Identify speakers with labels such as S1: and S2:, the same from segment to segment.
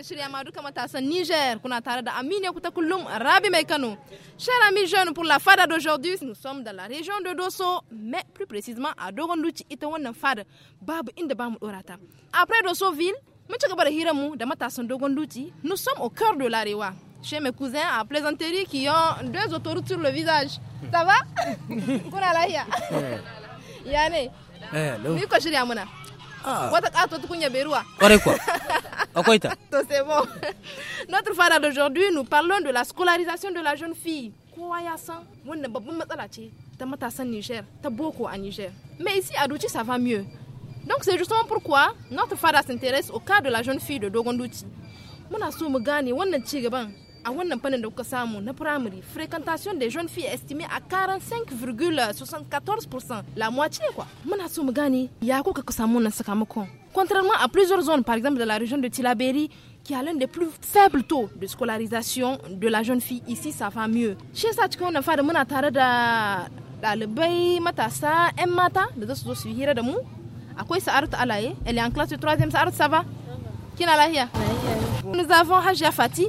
S1: ke shirya duka matasan Niger kuna tare da Amina Kuta kullum Rabi Mai Kano. Chers amis jeunes, pour la fada d'aujourd'hui, nous sommes dans la région de Dosso, mais plus précisément à Dogonduchi ita wannan fada babu inda ba bamu dorata. Après Dosso ville, mun ci gaba da hirar mu da matasan Dogonduchi, nous sommes au cœur de la l'Arewa. Chez mes cousins à Plaisanterie qui ont deux autoroutes sur le visage. Ça va Kuna lahiya. Yane.
S2: Eh, lo. Mi ko
S1: shirya muna. Ah. Wata kato tukunya beruwa. Kware kuwa. bon Notre fara d'aujourd'hui, nous parlons de la scolarisation de la jeune fille. Mais ici, à Douti, ça va mieux. Donc c'est justement pourquoi notre fara s'intéresse au cas de la jeune fille de Dogondouti. Muna mu wannan gaban a wannan fannin da kuka samu na primary fréquentation des jeunes filles estimée à 45,74% la moitié quoi muna so mu ya kuka ka samu wannan sakamakon contrairement à plusieurs zones par exemple de la région de Tilaberi qui a l'un des plus faibles taux de scolarisation de la jeune fille ici ça va mieux shi yasa na fa fada muna tare da ɗalibai matasa 'yan mata da mata, su zo su yi hira da mu akwai sa'aratu alaye elle est en classe de 3e sa'aratu sava kina lahiya nous avons Hajia Fatih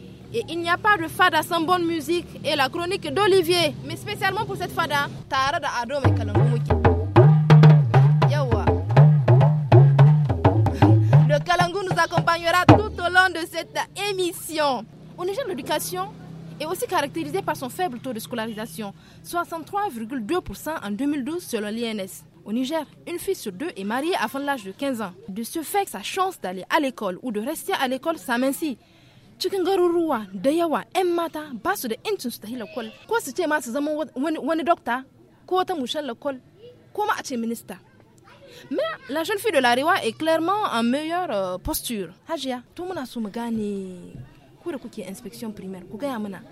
S1: Et il n'y a pas de fada sans bonne musique et la chronique d'Olivier. Mais spécialement pour cette fada, Yawa. Le Kalangu nous accompagnera tout au long de cette émission. Au Niger, l'éducation est aussi caractérisée par son faible taux de scolarisation, 63,2% en 2012 selon l'INS. Au Niger, une fille sur deux est mariée avant l'âge de 15 ans. De ce fait, sa chance d'aller à l'école ou de rester à l'école s'amincit. cikin garuruwa da yawa 'yan mata ba su da incin su tafi lakol ko su ce ma su zama wani dokta ko ta mushen lakol ko ma a ce minista Mais la jeune fille de la Rewa est clairement en meilleure euh, posture. Hajiya, to muna so mu gane ku da kuke inspection primaire, ku gaya mana.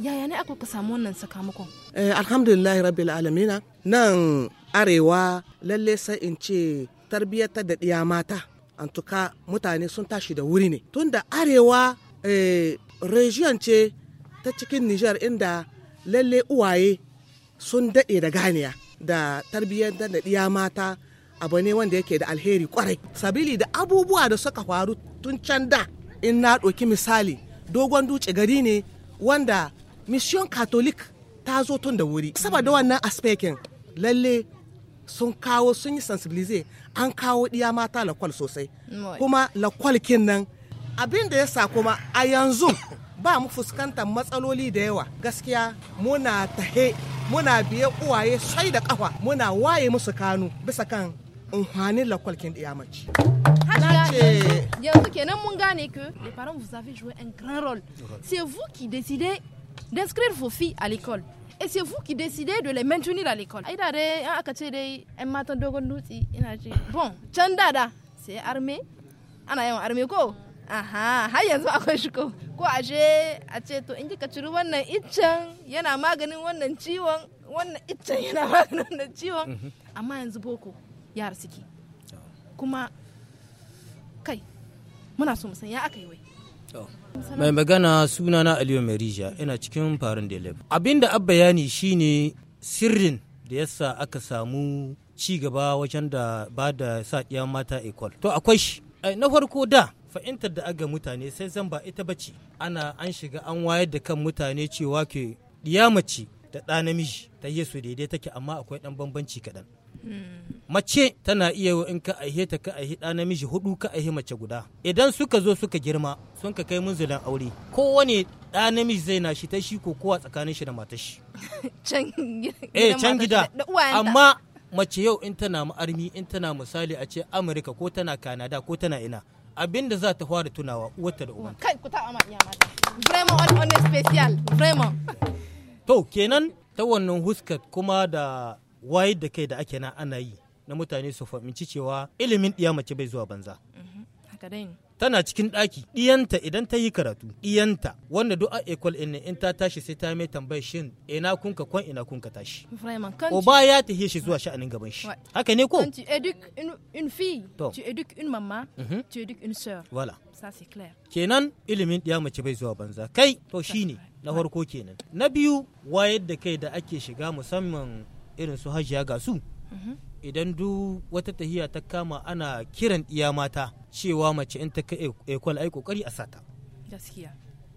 S1: Yaya ne aka samu wannan sakamakon?
S3: Eh, alhamdulillahi alhamdulillah rabbil alamina nan arewa lalle sai in ce tarbiyyar da ɗiya mata. an tuka mutane sun tashi da wuri ne tunda arewa Eh, region ce ta cikin Nijar inda lalle uwaye sun daɗe da ganiya da tarbiyyar da ɗiya mata abu ne wanda yake da alheri kwarai sabili da abubuwa da suka faru tun can da in na ɗauki misali dogon dutse gari ne wanda mission catholic ta zo tun da wuri saboda wannan aspekin lalle sun kawo sun yi sensibilize an kawo ɗiya mata lakwal sosai kuma lakwal kin nan abin da ya sa kuma a yanzu ba mu fuskanta matsaloli da yawa gaskiya muna tahe muna biye uwaye sai da kafa muna waye musu kanu bisa kan unhwanin lakwalkin ɗiyamaci.
S1: les parents vous avez joué un grand rôle. C'est vous qui décidez d'inscrire vos filles à l'école. Et c'est vous qui décidez de les maintenir à l'école. Bon, c'est armé. aha har yanzu akwai shi ko ko a je a ce to in kika ciri wannan iccen yana maganin wannan ciwon wannan iccen yana maganin wannan ciwon mhm. amma yanzu boko ya suke oh. kuma kai muna so musan ya aka yi wai
S2: oh. mai magana suna na aliyu Marija ina cikin farin da abin da abba yani shine sirrin da yasa aka samu ci gaba wajen da ba da sa mata equal to akwai shi eh, na farko da fa'intar da aga mutane sai zan ba ita bace ana an shiga an wayar da kan mutane cewa ke diya mace da ɗa namiji ta yi su daidai take amma akwai ɗan bambanci kaɗan hmm. mace tana iya in ka aihe ta ka aihe ɗa namiji hudu ka aihe mace guda idan suka zo suka girma sun ka kai munzulin aure kowane ɗa namiji zai na shi ta shi ko kowa tsakanin shi da matar shi
S1: can gida eh, amma
S2: mace yau in tana ma'armi in tana misali a ce amurka ko tana kanada ko tana ina abinda za ta fara tunawa wata da uwa.
S1: kai ku ta vraiment on on special vraiment
S2: to kenan ta wannan huskat kuma da waye da kai da ake na ana yi na mutane su fahimci cewa ilimin ɗiya mace bai zuwa banza mhm. haka dai tana cikin ɗaki ɗiyanta idan ta yi karatu ɗiyanta wanda duk a ekol in in ta tashi sai ta mai tambayar shin ina kunka kwan ina kunka tashi
S1: o ba ya ta
S2: shi zuwa sha'anin gaban shi
S1: haka ne ko tu éduques in fi fille to. in éduques une maman mm -hmm. tu voilà ça c'est clair
S2: kenan ilimin ɗiya mace bai zuwa banza kai to shine na farko kenan na biyu wayar da kai da ake shiga musamman irin su hajiya gasu mhm. idan duk wata tahiya ta kama ana kiran iya mata cewa mace in ta kai ekwal ai kokari a sata gaskiya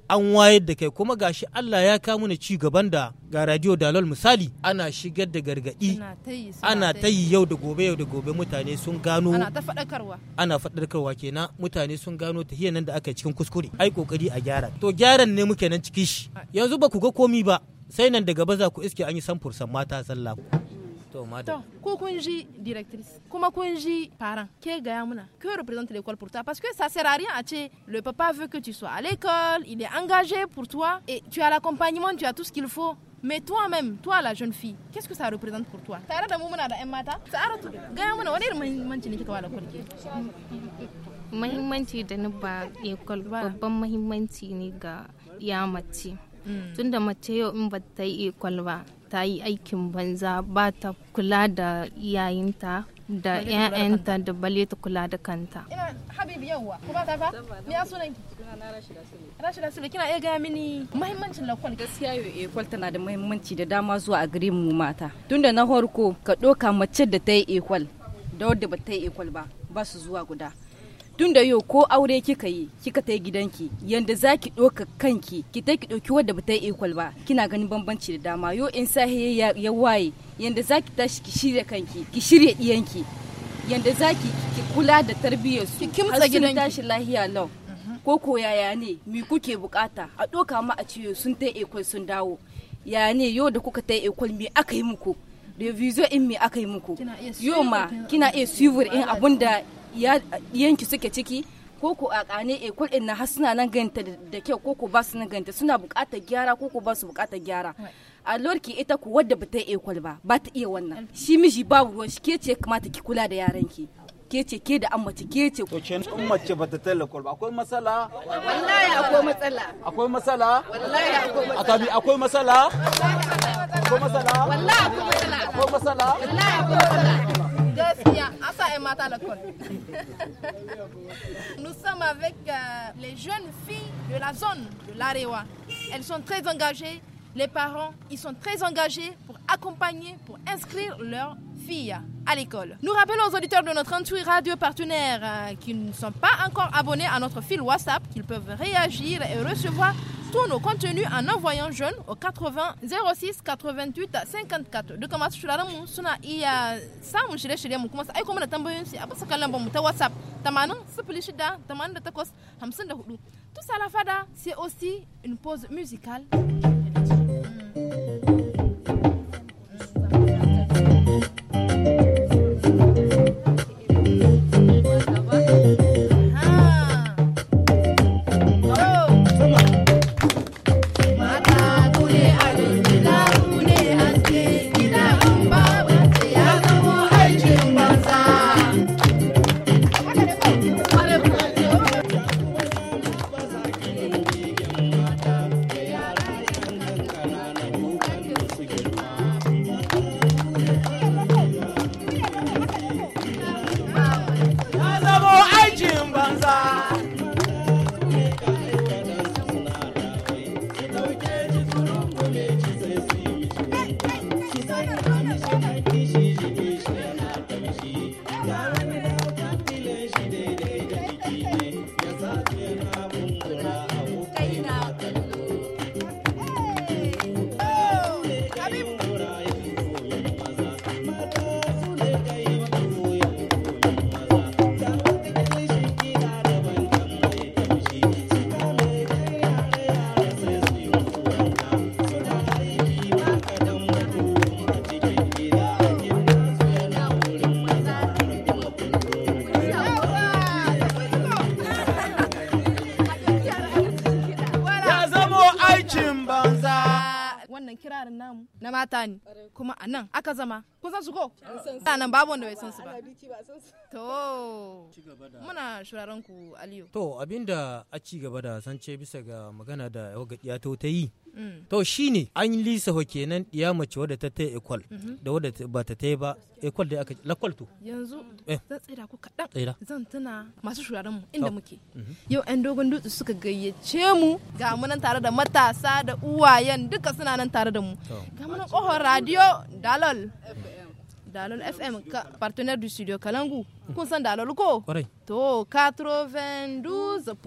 S2: an wayar da kai kuma gashi Allah ya kawo mana ci gaban da ga radio dalol misali ana shigar da gargadi ana ta yi yau da gobe yau da gobe mutane sun gano ana ta faɗakarwa ana faɗakarwa kenan mutane sun gano tahiyan nan da aka cikin kuskure ai kokari a gyara to gyaran ne muke nan cikin shi yanzu ba ku ga komi ba sai nan daga baza ku iske an yi samfur samfursan mata sallah to madam to
S1: ko kun directrice kuma kun ji parent ke gaya que représente l'école pour toi parce que ça sert à rien à le papa veut que tu sois à l'école il est engagé pour toi et tu as l'accompagnement tu as tout ce qu'il faut mais toi-même, toi la jeune fille, qu'est-ce que ça représente pour toi Tare da mu muna da ƴan mata, tsara tu gaya mana wani irin muhimmanci ne kika ba da kwalke? Muhimmanci da ni hmm. ba ekol babban muhimmanci ne ga ya mace. Tunda mace yau in ba ta yi ekol ba, ta yi aikin banza ba ta kula da yayinta da ƴaƴanta da bale ta kula da kanta. Ina Habib yawwa, ku ba ta fa? Ni ya sunan ki? Na Rashida Sule. Rashida Sule
S4: kina iya gaya mini muhimmancin lakwal. Gaskiya yo eh, ekwal tana da muhimmanci da dama zuwa a gare mu mata. Tunda na horko ka ɗoka mace da ta yi ekwal da wadda ba ta yi ekwal ba ba su zuwa guda. tun da yau ko aure kika yi kika yi gidanki yanda za ki ɗoka kanki ki ta ki ɗauki wadda ba ta yi equal ba kina ganin bambanci da dama yau in sahi ya waye yanda za ki tashi ki shirya kanki ki shirya ɗiyanki yanda za ki kula da tarbiyyar su har tashi lahiya lau mhm. ko ko yaya ne mi kuke bukata a ɗoka ma a ciyo sun yi equal sun dawo ya ne yau da kuka ta equal mi aka yi muku revision in me aka yi muku yau ma kina iya suivor in abun da yanki suke ciki ko ku a kane e eh, kuɗin na suna nan ganta da kyau ko ku ba su nan ganta suna buƙatar gyara ko ku ba su buƙatar gyara a lorki ita ku wadda ba ta ekwal ba ba ta iya wannan shi miji babu ruwan shi ke ce kamata ki kula da yaran ki ke ce ke da an
S2: ke ce to ce in mace ba ta talla kwal ba akwai matsala
S4: wallahi akwai matsala
S2: akwai matsala wallahi akwai matsala akabi akwai matsala akwai matsala wallahi akwai matsala akwai matsala wallahi akwai
S1: matsala Nous sommes avec euh, les jeunes filles de la zone de l'Arewa. Elles sont très engagées. Les parents, ils sont très engagés pour accompagner, pour inscrire leurs à l'école. Nous rappelons aux auditeurs de nos 38 radio partenaires euh, qui ne sont pas encore abonnés à notre fil WhatsApp qu'ils peuvent réagir et recevoir tous nos contenus en envoyant jeune au 80 06 88 54 tout la fada c'est aussi
S2: une pause musicale
S1: ta ne kuma a nan aka zama kun san su ko nan babu wanda bai san su ba To, muna shuraren ku Aliyu.
S2: To, abinda a ci gaba da sance bisa ga magana da ya to ta yi. Mm. To shi ne an lisa ho kenan ya mace wadda ta ta ekwal mm-hmm. da wadda ba ta ta ba ekwal da aka lakwal to.
S1: Yanzu eh. zan tsira ku kaɗan. Tsira. Zan tuna masu shuraren mu inda oh. muke. Mm-hmm. Yau 'yan dogon dutse suka gayyace mu ga munan nan tare da matasa da uwayen duka suna nan tare da mu. Ga munan ƙohon kohon radio dalol. dalol fm partenaire du studio kalangu kun san dalol ko to 92.8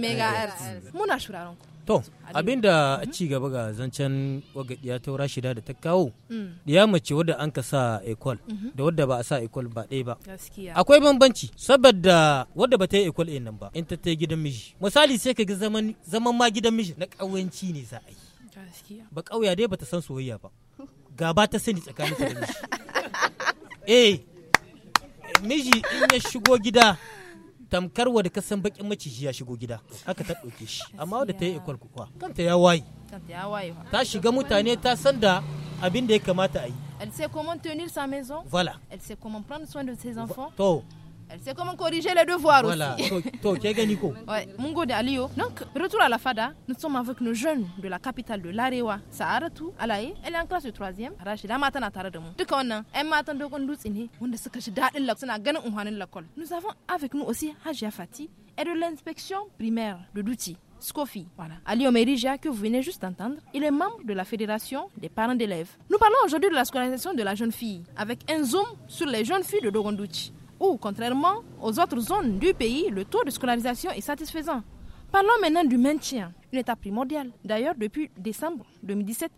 S1: megahertz muna shiraron
S2: to abinda a ci gaba ga zancen wagadiya ta rashida da ta kawo mm. ya mace wadda an ka sa ekol mhm. da wadda ba a sa ekol ba ɗaya ba akwai bambanci saboda wadda ba ta yi ekol nan ba in ta ta gidan miji misali sai ka ga zaman ma gidan miji na ƙawanci ne za a
S5: yi ba
S2: ƙauya dai ba ta san soyayya ba gaba ta sani tsakanin da miji eh miji in ya shigo gida tamkar wadda ka san bakin maciji ya shigo gida haka ta ɗauke shi amma wadda ta yi ikon kuwa kanta ya waye ta shiga mutane ta san da abin da ya kamata a yi
S1: Elle sait comment tenir sa maison. Voilà. Elle sait comment prendre soin de ses enfants. To, Elle sait comment corriger les devoirs voilà. aussi.
S2: ouais.
S1: Mungo de Alio. Donc, retour à la FADA, nous sommes avec nos jeunes de la capitale de l'Arewa, Saharatu, Alaye. Elle est en classe de 3e. elle nous On ne l'école. Nous avons avec nous aussi Hajia Fati et de l'inspection primaire de Douti. Scofi. Voilà. Ali que vous venez juste d'entendre, il est membre de la Fédération des parents d'élèves. Nous parlons aujourd'hui de la scolarisation de la jeune fille, avec un zoom sur les jeunes filles de Dogondouchi. Ou contrairement aux autres zones du pays, le taux de scolarisation est satisfaisant. Parlons maintenant du maintien, une étape primordiale. D'ailleurs, depuis décembre 2017,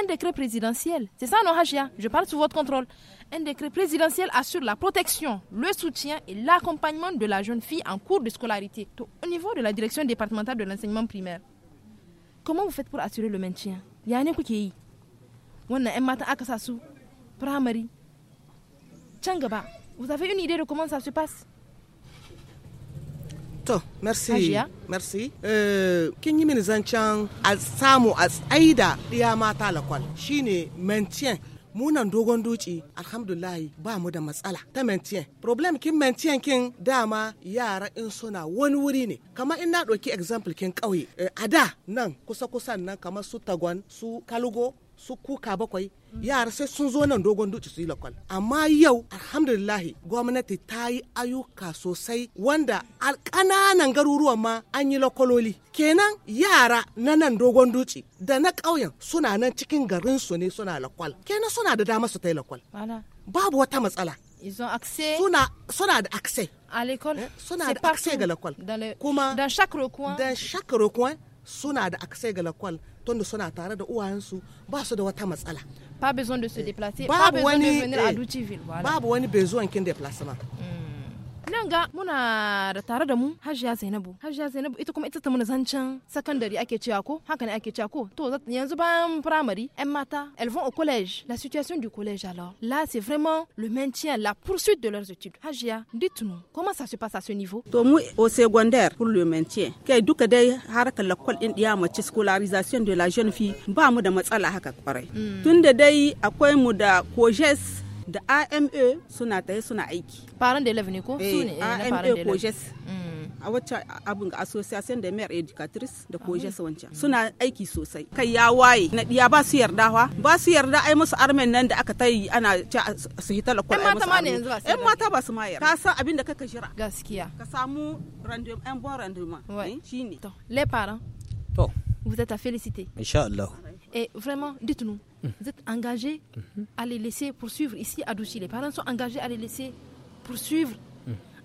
S1: un décret présidentiel, c'est ça non je parle sous votre contrôle, un décret présidentiel assure la protection, le soutien et l'accompagnement de la jeune fille en cours de scolarité au niveau de la direction départementale de l'enseignement primaire. Comment vous faites pour assurer le maintien Il y a un qui Tchangaba. Vous avez une idée de comment ça se passe
S3: merci. Merci. Euh, kin yi mini zancen a samu a tsaida ɗiya mata lakwal shine maintien munan dogon duci alhamdulahi ba mu da matsala ta maintien problem kin maintien kin dama yara in suna wani wuri ne kamar in na ɗauki example kin ƙauye eh, a da nan kusa kusan nan kama su tagon su kalgo su kuka bakwai yara sai sun zo nan dogon duci su yi lakwal amma yau alhamdulillahi gwamnati ta yi ayyuka sosai wanda a ƙananan garuruwan ma an yi lakwaloli kenan yara na nan dogon duci da na ƙauyen suna nan cikin garin su ne suna lakwal kenan suna da dama su ta yi lakwal babu wata matsala
S1: Suna, da accès. Eh,
S3: suna da accès ga l'école. Kuma, dan chaque chaque recoin, suna da accès ga lakwal tunda suna tare da uwayensu ba su da wata matsala. Pas besoin de se
S1: déplacer, eh, pas besoin de venir à eh,
S3: Doutcheville. Babu wani besoin kin déplacement.
S1: nanga ga muna da tare da mu hajiya zainabu hajiya zainabu ita kuma ita ta mana zancen secondary ake cewa ko haka ne ake cewa ko to yanzu bayan primary yan mata elles vont au collège la situation du collège alors là c'est vraiment le maintien la poursuite de leurs études hajiya dites-nous comment ça se passe à ce niveau
S5: to mu au secondaire pour le maintien kai duka dai harkar lakwal din dia mace scolarisation de la jeune fille ba mu da matsala haka kwarai hmm. tunda dai akwai mu da coges da AMA suna tare suna aiki.
S1: Faran da ne ko? AMA
S5: ko JES. a wacce abin ga association da mayor educatrice da JES wancan suna aiki sosai kai ya waye na diya ba su yarda wa ba su yarda ai musu armen nan da aka ta yi ana ci su hita la kwai musu armen yan mata ba su ma yarda ka san abin da kaka jira
S1: gaskiya ka samu random en bon rendement eh, ne. to les parents to vous êtes à féliciter inchallah et vraiment dites-nous vous êtes engagés à les laisser poursuivre. Ici, à Douchy, les parents sont engagés à les laisser poursuivre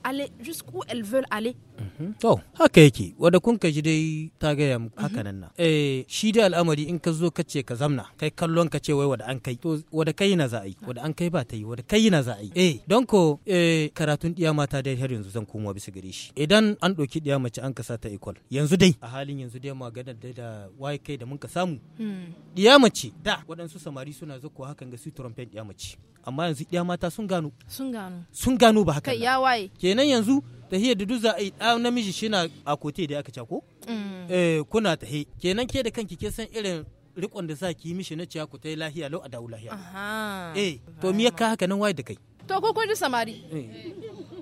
S1: aller jusqu'où elles veulent aller
S2: mhm. to haka yake wanda kun ka ji dai ta gaya mu haka nan na eh shi dai al'amari in ka zo ka ce ka zamna kai kallon ka ce wai wanda an kai to wanda kai na za a yi wanda an kai ba ta yi wanda kai na za a yi eh don ko eh karatun diya mata dai har yanzu zan komo bisa gare shi idan an ɗauki diya mace an ka sa ta equal yanzu dai a halin yanzu dai maganar dai da waye kai da mun ka samu diya hmm. mace da waɗansu samari suna zakuwa hakan ga su trompen diya mace amma yanzu iya mata sun gano sun gano sun gano ba haka ya waye kenan yanzu hiyar da duza a yi ɗan namiji shi na a kote da aka cako mm. eh, kuna tahi kenan ke da kanki ke san irin rikon da za ki yi mishi na ciya ku ta yi lahiya lau a dawo lahiya eh to me ya ka haka nan waye da kai
S1: to ko kun ji samari eh.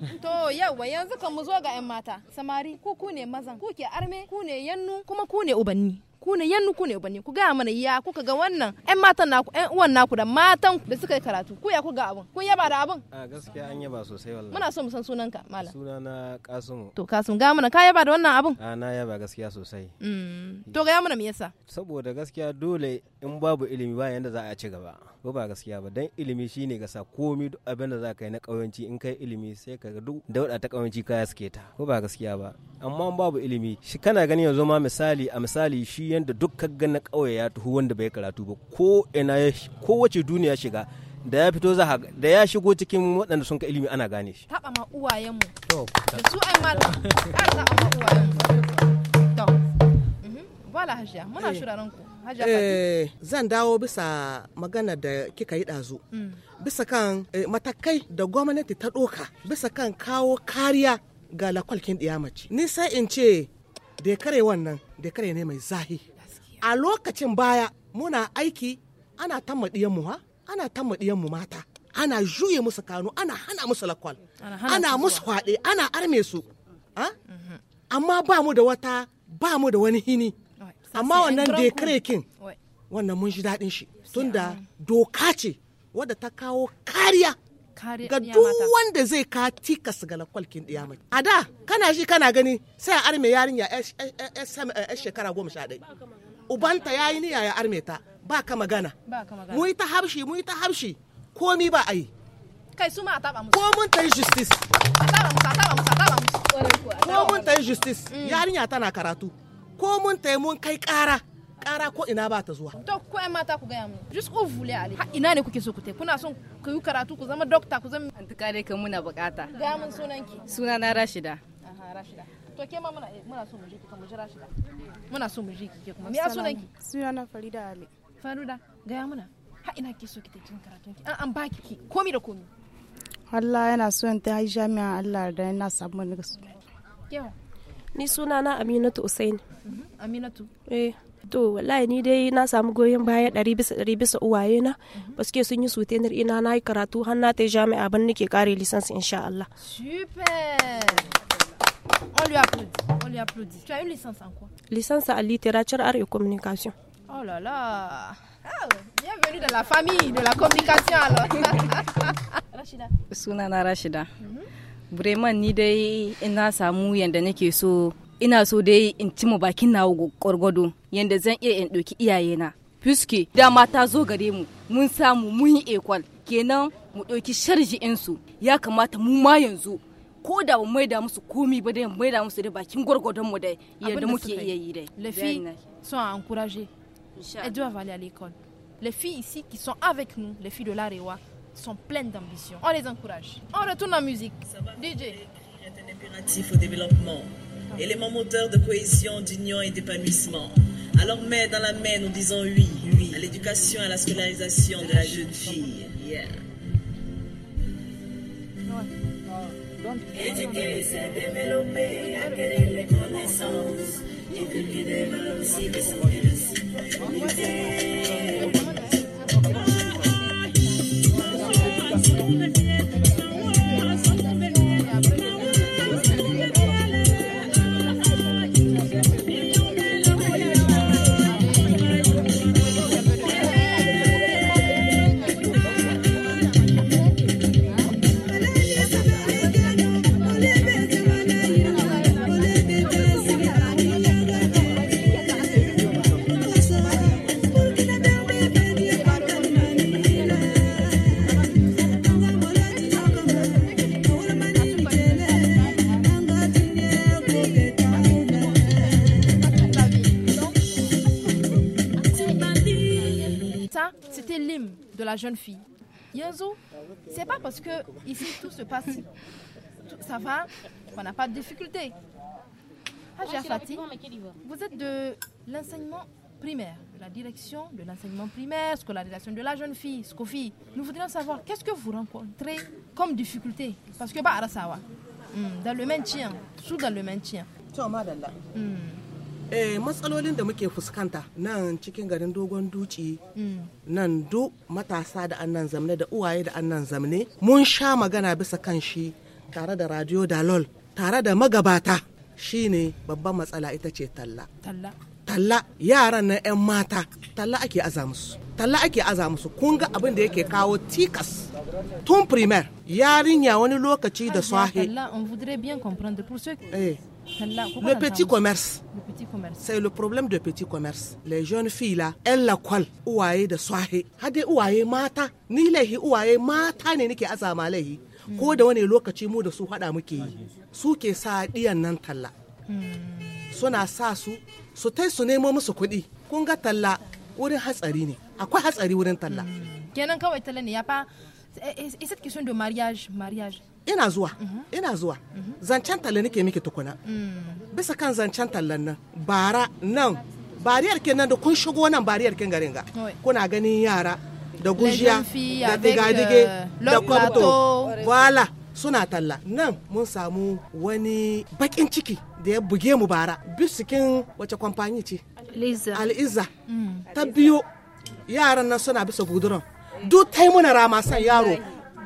S1: To yawa yanzu kan mu zo ga 'yan mata, samari ku ku ne mazan, ku ke arme, ku ne yannu, kuma ku ne ubanni. ku ne yannu ku ne ba ku gaya mana ya kuka ga wannan ƴan matan naku ƴan uwan naku da matan da suka yi karatu ku ya ku ga abun kun yaba da abun
S2: a gaskiya an yaba sosai wallahi muna so
S1: mu san sunanka malam
S2: sunana Kasimu
S1: to kasimu ga mana ka yaba da wannan abun
S2: a na yaba gaskiya sosai
S1: mm. to ga
S2: mana me yasa saboda gaskiya dole in babu ilimi ba yanda za a ci gaba ko ba gaskiya ba dan ilimi shine ga sa komi duk abin da za ka yi na ƙauyanci in kai ilimi sai ka ga duk
S3: dauda ta ƙauyanci
S2: ka yaske ta ko ba gaskiya ba amma in babu ilimi shi kana gani yanzu ma misali a misali shi yanda duk ka ga na ƙauye ya tuhu wanda bai karatu ba ko ina ya ko wace duniya shiga da ya fito za da ya shigo cikin waɗanda sun ka ilimi ana gane shi.
S1: ma uwayenmu. su ai ma ma uwayenmu. To, mhm. bala hajiya muna eh. shiraren ku. Eh,
S3: zan dawo bisa magana da kika yi ɗazu mm. bisa kan eh, matakai da gwamnati ta ɗoka bisa kan kawo kariya ga lakwalkin ɗiyamaci nisa in ce da kare wannan da kare ne mai zahi a lokacin baya muna aiki ana tamma mu ha ana tamma mu mata ana juye musu kanu ana hana musu lakwal ana musu haɗe ana arme su ah? mhm. amma ba mu da wata ba mu da wani hini amma wannan kare kin wannan mun ji daɗin shi tunda doka ce wadda ta kawo kariya ga duk wanda zai ka tika su gala kwalkin diyamai a da kana shi kana gani sai a arme yarinya ya shekara goma sha ɗaya ubanta ya yi niyya ya arme ta ba ka magana mu yi ta harshe mu yi ta harshe komi ba a yi
S1: kai su ma a taba musu
S3: ko mun ta yi justice ko mun ta yi justice mm. yarinya tana karatu ko mun tai mun kai ƙara ƙara ko ina ba ta zuwa.
S1: To ko ai mata ku gaya mu. Just ko vule ali. Ha ina ne kuke so ku tai? Kuna son ku yi karatu ku zama dokta ku zama. An kare kan muna buƙata. Gaya mun sunan ki. Suna na Rashida. Aha Rashida. To ke ma muna eh, muna so mu ji ki kuma ji Rashida. Muna so mu ji ki ke kuma. Me ya sunan ki? Suna na Farida Ali. Farida gaya muna. Ha ina ke so ki tai karatun ki. An an ba ki komi da komi.
S5: Allah yana so in ta jami'a Allah da yana samu ni Yawa. ni suna na aminatu usain mm-hmm.
S1: aminatu eh
S5: to wallahi ni dai na samu goyon baya ɗari bisa ɗari bisa uwaye na mm-hmm. suke sun yi na ina na yi karatu har na ta jami'a ban nake kare lisansi insha Allah super
S1: on lui applaudit on lui applaudit tu as une licence en quoi
S5: licence en littérature art et
S4: communication
S1: oh là là Oh, bienvenue dans la famille de la communication alors
S4: Rachida sunana Rashida mm -hmm. bremen ni dai ina samu yadda nake so ina so dai in ci mu bakin nawo gwargwado yadda zan iya in ɗauki iyayena fiske dama ta zo gare mu mun samu mun yi ekwal kenan mu ɗauki insu ya kamata mu ma yanzu ko da mu maida musu komi ba dai mu maida musu da bakin gwargwadon mu dai yadda muke iya yi dai Lafi filles
S1: sont encouragées elles doivent aller à l'école les filles ici qui sont avec nous les filles de l'Arewa sont pleines d'ambition. On les encourage. On retourne en musique. Ça va, DJ. est un
S5: impératif au développement, ah. élément moteur de cohésion, d'union et d'épanouissement. Alors mais dans la main, nous disons oui, oui. à l'éducation, à la scolarisation de la jeune fille.
S6: Yeah. Éduquer, c'est
S5: développer, acquérir les connaissances, et que développe si les
S1: citoyens. 嗯。jeune fille. Yanzo, c'est pas parce que ici tout se passe, ça va, on n'a pas de difficultés. Ah, vous êtes de l'enseignement primaire, de la direction de l'enseignement primaire, scolarisation de la jeune fille, SCOFI. Nous voudrions savoir qu'est-ce que vous rencontrez comme difficulté Parce que bah, hmm, dans le maintien, sous dans le maintien. Hmm.
S3: eh matsalolin da muke fuskanta nan cikin garin dogon duci mm. nan du matasa da annan zamne da uwaye da annan zamne mun sha magana bisa kan shi tare da radio dalol tare da magabata shine babban matsala ita ce talla talla yaran na 'yan mata talla ake aza musu talla ake aza kun ga abin da yake kawo tikas tun primer yarinya wani lokaci da swahili.
S1: Le petit commerce.
S3: C'est le problème de petit commerce. Les jeunes filles là, elles la kwal uwaye da swahe. Hade uwaye mata, ni où uwaye mata ne ke azama laihi. Hmm. Ko da wani lokaci mu da su hada muke yi. Su ke sa diyan nan talla. Hmm. Suna sa su su tai su nemo musu kuɗi. Kun ga talla wurin hatsari ne. Akwai hatsari wurin talla. Hmm.
S1: Kenan kawai talla ne ya fa. Et eh, eh, cette question de mariage, mariage,
S3: ina zuwa mhm. ina zuwa mhm. zancen talla nake miki tukuna mm. bisa kan zancen tallan nan bara nan bariyar kenan da kun shigo nan bariyar kin garin ga kuna ganin yara da gujiya da digadige da kwamto wala suna talla nan mun samu wani bakin ciki da ya buge mu bara bisikin wace kwamfani ce al'izza mm. ta biyo yaran nan suna bisa guduran duk ta yi muna rama san yaro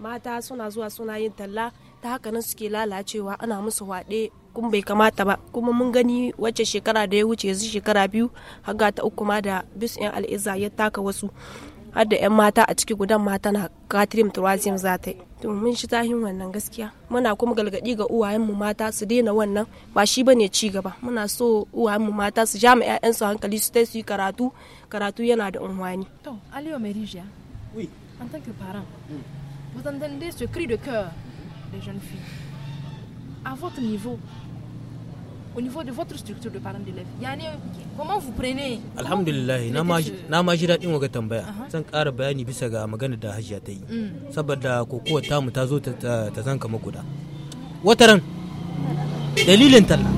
S5: mata suna zuwa suna yin talla ta haka nan suke lalacewa ana musu waɗe kun bai kamata ba kuma mun gani wacce shekara da ya wuce yanzu shekara biyu haga ta uku ma da bis yan al'iza ya taka wasu har da yan mata a ciki gudan mata na katrim turazim za ta yi to mun shi tahin wannan gaskiya muna kuma galgadi ga uwayenmu mata su daina wannan ba shi bane ci gaba muna so uwayenmu mata su ja ma 'ya'yansu hankali su ta su yi karatu karatu yana da unwani
S1: to aliyo oui en tant que parent mm. Vous entendez ce cri de cœur des jeunes filles. À votre niveau, au niveau de votre structure de parents d'élèves, Yanné, comment vous prenez
S2: Alhamdulillah, je suis là pour vous na ma ji daɗin waga tambaya. Zan ƙara bayani bisa ga magana da hajiya ta yi. Mm. Saboda kokowa tamu ta zo ta zanka maguda. Wataran, dalilin talla.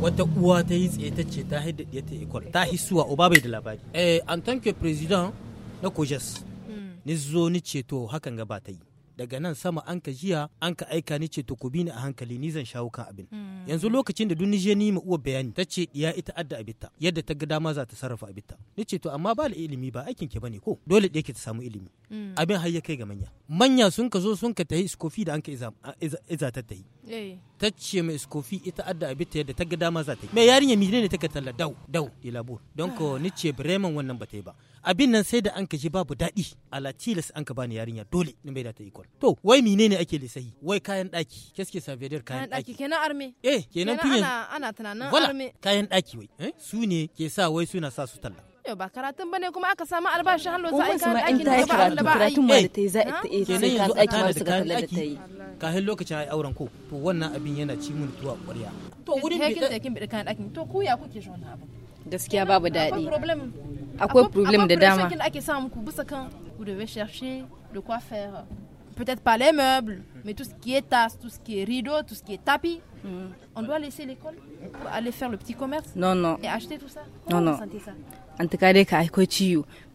S2: wata uwa ta yi tsaye ta ce ta haida ta ikon ta hisuwa uba bai da labari eh an tanke president na kojas ni zo ni ceto hakan ga ta yi daga nan sama an ka jiya an ka aika ni ceto ku bi ni a hankali ni zan shawo kan abin hmm. yanzu lokacin da duk ni je ni mu uwa bayani ta ce ya ita adda abitta yadda ta ga dama za ta sarrafa abitta ni ceto amma ba ilimi ba aikin ke bane ko dole da yake ta samu ilimi hmm. abin har ya kai ga manya manya sun ka zo sun ka tahi iskofi da an ka iza ta tahi Eh. ta ce mai skofi ita adda abi ta yadda ta ga dama za ta yi mai yarinya mine ne ta ka talla dau dau labur don ko ni ce bremen wannan ba ta yi ba abin nan sai da an ka ji babu daɗi ala tilas an ka bani yarinya dole ni bai da ta ikon to wai ne ake lissahi wai kayan ɗaki keske savedar kayan ɗaki kenan arme eh kenan tun ana
S1: tunanin arme
S2: kayan ɗaki wai eh? su ne ke sa wai suna sa su talla
S1: yau ba karatun bane kuma aka samu albashi hannu za a yi kan ɗakin
S2: da ba a yi. ta za a yi aiki masu ga talar da ta yi. Kahin lokacin ai auren ko to wannan abin yana ci mun tuwa
S1: To bi da kin bi kan to ku ya kuke shi wannan abin.
S2: Gaskiya babu daɗi.
S1: Akwai problem da dama. Akwai problem da ake ku bisa kan da peut-être pas les meubles, mais tout ce qui est tasse, tout ce qui est rideau, tout ce qui est tapis. Mmh. On doit laisser l'école pour aller faire le petit commerce Non, non. Et acheter tout ça Comment Non, vous non. Sentez ça
S4: en tout cas,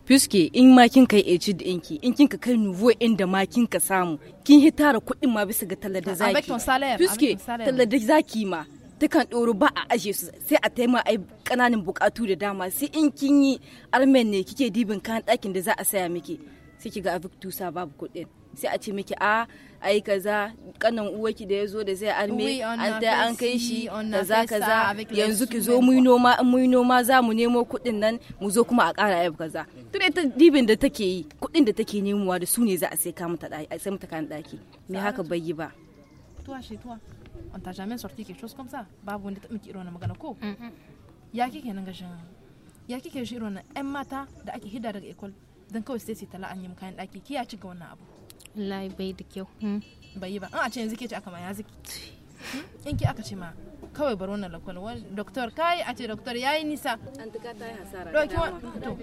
S4: puisque in ma kin kai etude ɗinki in kin ka kai nouveau inda ma kin ka samu kin hitara kudin ma bisa ga tallar da ah, zaki avec ton salaire puisque tallar da zaki ma takan ɗoro ba a aje su sai a taima ai kananin bukatu da dama sai in kin yi armen ne kike dibin kan dakin da za a saya miki sai kiga avec tout ça babu kudin sai a ci miki a ai kaza kanan uwaki da ya zo da zai arme an da an kai shi kaza kaza yanzu ki zo mu noma in mu noma za mu nemo kuɗin nan mu zo kuma a ƙara ayyuka kaza tun ta dibin da take yi kuɗin da take nemowa da su ne za a sai ka mata a sai mata kan daki me haka bai yi ba
S1: tuwa shi tuwa an ta jamais sorti quelque chose comme ça babu wanda ta miki irin wannan magana ko ya kike nan gashin ya kike shi irin wannan mata da ake hidda daga ecole dan kawai sai su tala an yi kayan daki ki ya ci ga wannan abu wallahi bai da kyau hmm. bai yi ba a ce yanzu ke ce aka ma ya ziki hmm? in ki aka ce ma kawai bar wannan lakwal doktor kai a ce doktor yi nisa an ta yi hasara doki to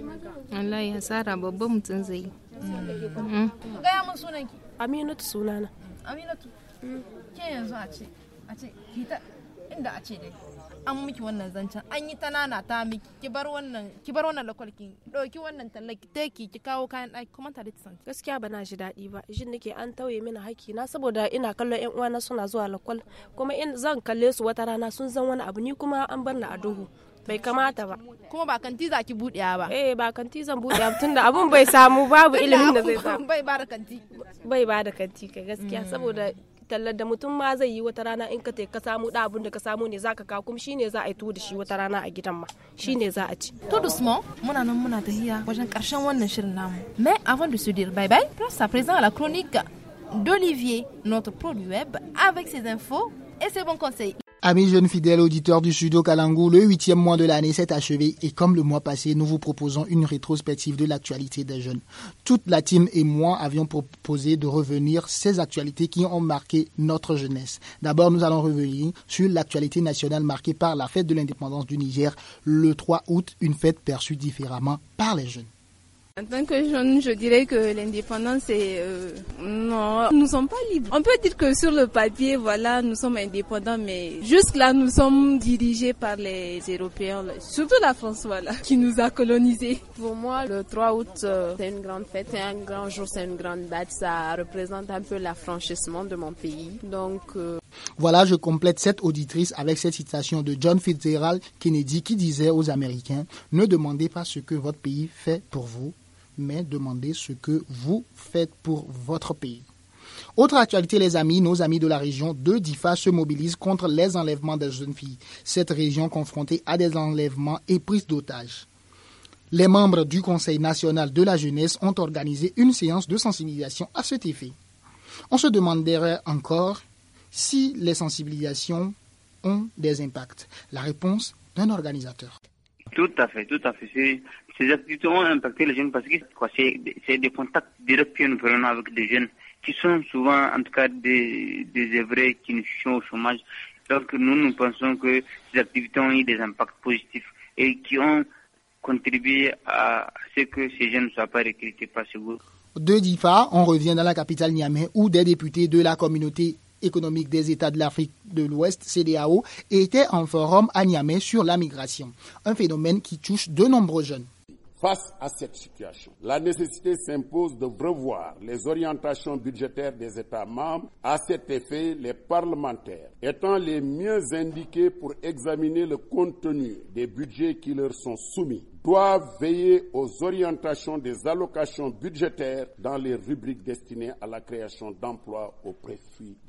S1: yi hasara babban mutum zai yi hmm. gaya mun sunan ki aminatu sunana aminatu ke yanzu a ce a ce ki ta inda a ce dai an miki wannan zancen an yi ta nana ta miki ki bar wannan ki bar wannan lakwalki ɗauki wannan tallaki teki ki kawo kayan ɗaki kuma tare ta sanci gaskiya ba
S5: na ji daɗi ba jin nake an tauye mini haƙƙi na saboda ina kallon ƴan uwana suna zuwa lakwal kuma in zan kalle su wata rana sun zan wani abu ni kuma an bar ni a duhu bai kamata ba kuma ba kanti za ki buɗe ba eh ba kanti zan buɗe ba tunda abun bai samu babu ilimin da zai samu bai ba da kanti bai ba da kanti kai gaskiya saboda tallar da mutum ma zai yi wata rana in ka te ka samu da abun da ka samu ne zaka kawo kuma shine za a yi tuwo da shi wata rana a gidan ma shine za a ci
S1: to dusmo muna nan muna tahiya wajen karshen wannan shirin namu mais avant de se dire bye bye place à présent à la chronique d'Olivier notre pro web avec ses infos et ses bons conseils
S6: Amis jeunes fidèles auditeurs du studio Kalangu, le huitième mois de l'année s'est achevé et comme le mois passé, nous vous proposons une rétrospective de l'actualité des jeunes. Toute la team et moi avions proposé de revenir ces actualités qui ont marqué notre jeunesse. D'abord, nous allons revenir sur l'actualité nationale marquée par la fête de l'indépendance du Niger le 3 août, une fête perçue différemment par les jeunes.
S1: En tant que jeune, je dirais que l'indépendance est... Euh, non, nous ne sommes pas libres. On peut dire que sur le papier, voilà, nous sommes indépendants, mais jusque-là, nous sommes dirigés par les Européens, surtout la France, voilà, qui nous a colonisés. Pour moi, le 3 août, euh, c'est une grande fête, c'est un grand jour, c'est une grande date. Ça représente un peu l'affranchissement de mon pays. Donc... Euh,
S6: voilà, je complète cette auditrice avec cette citation de John Fitzgerald Kennedy qui disait aux Américains, ne demandez pas ce que votre pays fait pour vous, mais demandez ce que vous faites pour votre pays. Autre actualité, les amis, nos amis de la région de Difa se mobilisent contre les enlèvements des jeunes filles. Cette région confrontée à des enlèvements et prises d'otages. Les membres du Conseil national de la jeunesse ont organisé une séance de sensibilisation à cet effet. On se demanderait encore si les sensibilisations ont des impacts. La réponse d'un organisateur.
S2: Tout à fait, tout à fait ces activités ont impacté les jeunes parce que c'est des contacts directs que nous prenons avec des jeunes qui sont souvent, en tout cas, des, des œuvrés qui sont au chômage. Donc nous, nous pensons que ces activités ont eu des impacts positifs et qui ont contribué à ce que ces jeunes ne soient pas recrutés par ce groupe.
S6: De DIFA, on revient dans la capitale Niamey où des députés de la communauté économique des États de l'Afrique de l'Ouest, CDAO, étaient en forum à Niamey sur la migration, un phénomène qui touche de nombreux jeunes.
S5: Face à cette situation, la nécessité s'impose de revoir les orientations budgétaires des États membres. À cet effet, les parlementaires étant les mieux indiqués pour examiner le contenu des budgets qui leur sont soumis doivent veiller aux orientations des allocations budgétaires dans les rubriques destinées à la création d'emplois au préfet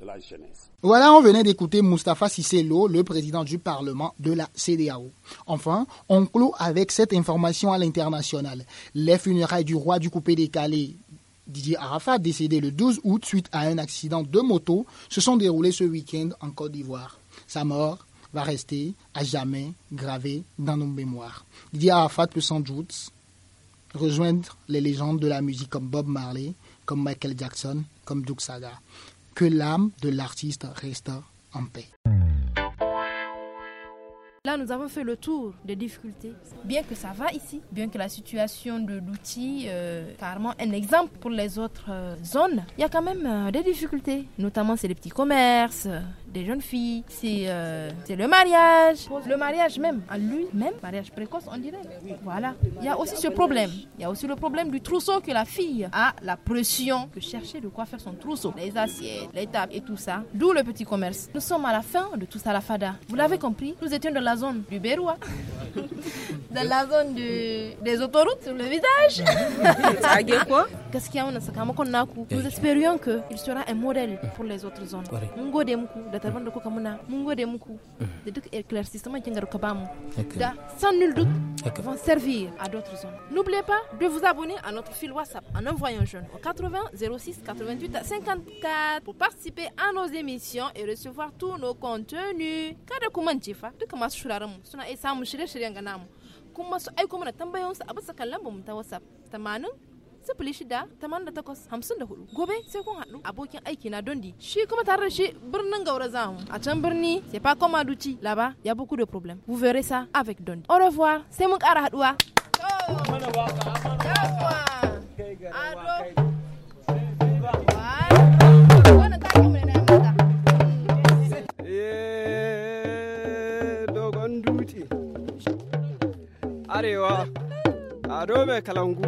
S5: de la jeunesse.
S6: Voilà, on venait d'écouter Mustapha Sisselo, le président du Parlement de la CDAO. Enfin, on clôt avec cette information à l'international. Les funérailles du roi du coupé décalé Didier Arafat, décédé le 12 août suite à un accident de moto, se sont déroulées ce week-end en Côte d'Ivoire. Sa mort va rester à jamais gravé dans nos mémoires. à Arafat peut sans doute rejoindre les légendes de la musique comme Bob Marley, comme Michael Jackson, comme Duke Saga. Que l'âme de l'artiste reste en paix.
S1: Là, nous avons fait le tour des difficultés. Bien que ça va ici, bien que la situation de l'outil euh, carrément un exemple pour les autres euh, zones, il y a quand même euh, des difficultés. Notamment, c'est les petits commerces, des jeunes filles, euh, c'est le mariage, le mariage même, à lui-même, mariage précoce, on dirait. Voilà. Il y a aussi ce problème. Il y a aussi le problème du trousseau que la fille a la pression que chercher de quoi faire son trousseau. Les assiettes, les tables et tout ça. D'où le petit commerce. Nous sommes à la fin de tout ça, la fada. Vous l'avez compris, nous étions dans la zone du Béroua. dans la zone des autoroutes sur le visage. quoi gaskiya wannan sakamakon naku nous espérions que il sera un modèle mm. pour les autres zones mun gode muku da tarban da kuka muna mun gode muku da mm. duk éclaircissement kin ka bamu da sans nul doute vont servir à d'autres zones n'oubliez pas de vous abonner à notre fil WhatsApp en envoyant jeune au 80 06 88 54 pour participer à nos émissions et recevoir tous nos contenus kada ku mance fa duka masu shuraren mu suna iya e samun shirye-shiryen ga namu kuma su aiko mana tambayoyinsu a bisa kan lambar mu ta WhatsApp 80 sifili shida tamanin da takwas hamsin da hudu gobe sai kun haɗu abokin aiki na dondi shi kuma tare da shi birnin gaura za mu a can birni sai pas comme duci laba ya beaucoup de problem vous verrez ça avec dondi au revoir sai mun ƙara haɗuwa
S5: eh, dogon arewa ado mai kalangu